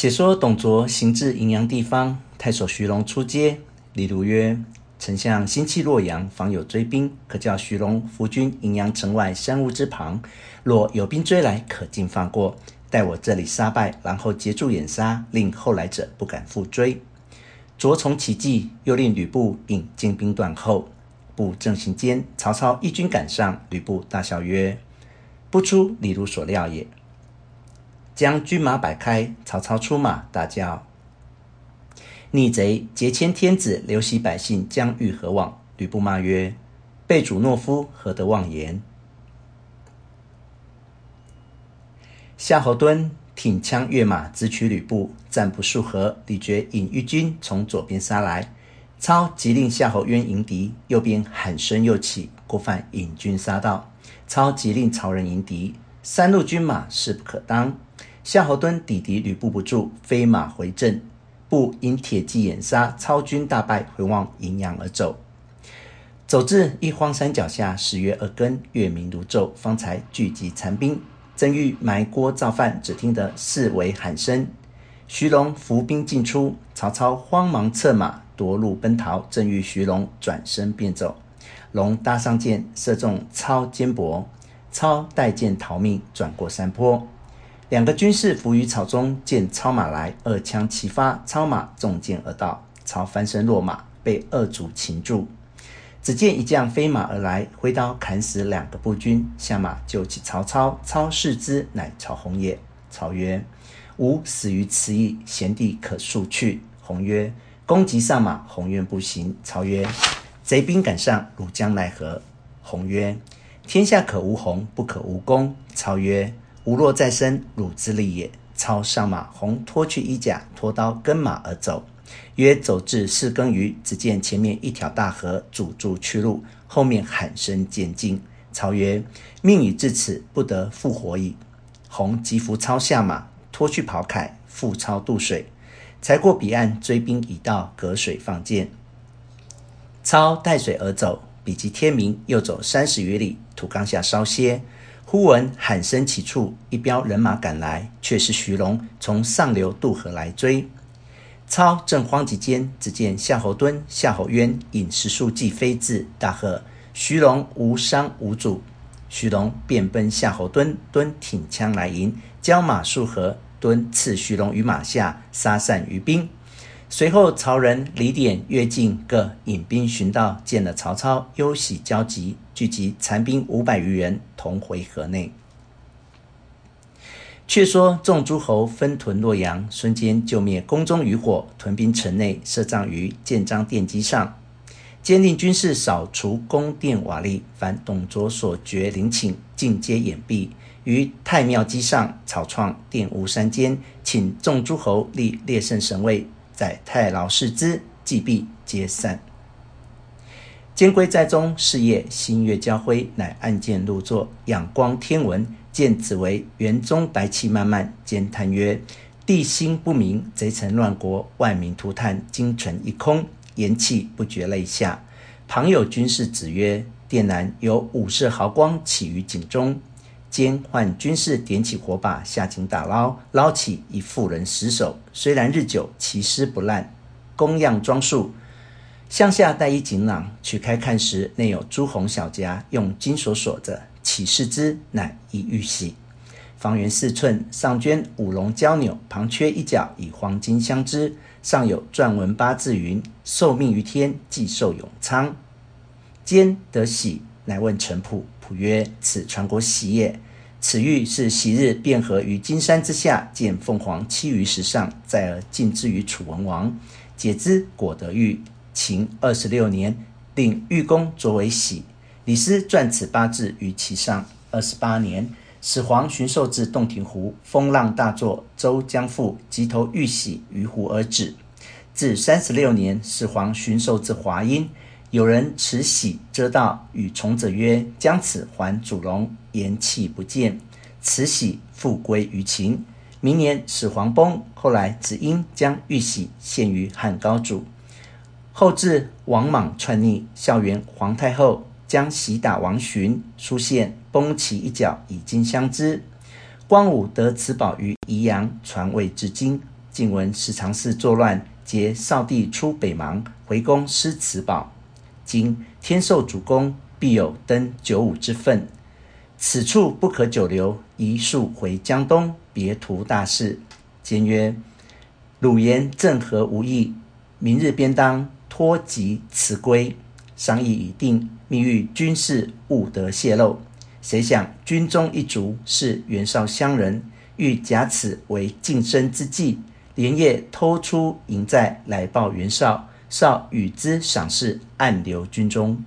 且說董卓行至滎陽地方，太守徐榮出接。李儒曰：“丞相新棄洛陽，防有追兵，可叫徐榮伏軍滎陽城外山塢之旁，若有兵追來，可尽放過。待我這裡殺敗，然後截住掩殺，令後來者不敢復追。”卓從其計，又令呂布引精兵斷後。布正行間，曹操一軍趕上。呂布大笑曰：“不出李儒所料也。”將軍馬擺開，曹操出馬，大叫：“逆賊劫遷天子，流徙百姓，將欲何往？”呂布罵曰：“背主懦夫，何得妄言！”夏侯惇挺槍躍馬，直取呂布，戰不數合，李傕引一軍從左邊殺來，操急令夏侯淵迎敵；右邊喊聲又起，郭汜引軍殺到，操急令曹仁迎敵。三路軍馬勢不可當。夏侯惇抵敵呂布不住，飛馬回陣，布因鐵騎掩殺，操軍大敗，回望滎陽而走。走至一荒山腳下，時約二更，月明如晝，方才聚集殘兵，正欲埋鍋造飯，只聽得四圍喊聲，徐榮伏兵盡出，曹操慌忙策馬奪路奔逃，正遇徐榮，轉身便走，榮搭上箭，射中操肩膊，操帶箭逃命，轉過山坡。兩個軍士伏於草中，見操馬來，二槍齊發，操馬中箭而倒。操翻身落馬，被二卒擒住。只見一將飛馬而來，揮刀砍死兩個步軍，下馬救起曹操。操視之，乃曹洪也。操曰：“吾死於此役，賢弟可速去。”洪曰：“公即上馬，洪願步行。”操曰：“賊兵趕上，汝將奈何？”洪曰：“天下可無洪，不可無公。”操曰。吾若再生，汝之力也。操上馬，洪脫去衣甲，拖刀跟馬而走。約走至四更餘，只見前面一條大河阻住去路，後面喊聲漸近。操曰：“命已至此，不得復活矣。”洪即扶操下馬，脫去袍鎧，負操渡水。才過彼岸，追兵已到，隔水放箭。操帶水而走。比及天明，又走三十餘里，土岡下稍歇。忽聞喊聲起處，一彪人馬趕來，卻是徐榮從上流渡河來追。操正慌急間，只見夏侯惇、夏侯淵引十數騎飛至，大喝：“徐榮無傷無阻。徐榮”徐榮便奔夏侯惇，惇挺槍來迎，交馬數合，惇刺徐榮於馬下，殺散於兵。隨後，曹仁、李典樂進各引兵尋道，見了曹操，憂喜交集，聚集殘兵五百餘人，同回河內。卻說眾諸侯分屯洛陽，孫堅救滅宮中餘火，屯兵城內，設帳於建章殿基上，堅令軍士，掃除宮殿瓦礫，凡董卓所掘陵寢，盡皆掩蔽。於太廟基上草創殿屋三間，請眾諸侯立列聖神位。載太牢視之，既畢，皆散。監規在中，是夜星月交輝，乃按劍入座，仰觀天文，見紫微垣中白氣漫漫，兼嘆曰：“帝星不明，賊臣亂國，萬民塗炭，京城一空。”言訖，不覺淚下。旁有軍士指曰：“殿南有五色毫光起於井中。”堅喚軍士，點起火把，下井打撈，撈起一婦人屍首，雖然日久其屍不爛，宮樣裝束。項下帶一錦囊，取開看時，內有朱紅小匣，用金鎖鎖着。啟視之，乃一玉璽，方圓四寸，上鐫五龍交紐，旁缺一角，以黃金鑲之，上有篆文八字云：“受命於天，既壽永昌。”堅得璽，乃問程普。曰：“此傳國璽也。此玉是昔日卞和於荊山之下見鳳凰棲於石上，再而進之於楚文王，解之果得玉。秦二十六年，令玉工作為璽。李斯篆此八字於其上。二十八年，始皇巡狩至洞庭湖，風浪大作，舟將覆，即投玉璽於湖而止。至三十六年，始皇巡狩至華陰。”有人持璽遮道，與從者曰：“將此還祖龍。”言訖不見。此璽復歸於秦。明年始皇崩，後來子嬰將玉璽獻於漢高祖。後至王莽篡逆，孝元皇太后將璽打王尋、蘇獻，崩其一角以金相之。光武得此寶於宜陽，傳位至今。近聞十常侍作亂，劫少帝出北邙，回宮失此寶。今天授主公必有登九五之分，此處不可久留，宜速回江東，別圖大事。堅曰：“汝言正合吾意，明日便當托疾辭歸。”商議已定，密諭軍士勿得泄露。誰想軍中一卒是袁紹鄉人，欲假此為進身之計，連夜偷出營寨來報袁紹。少與之賞識，暗留軍中。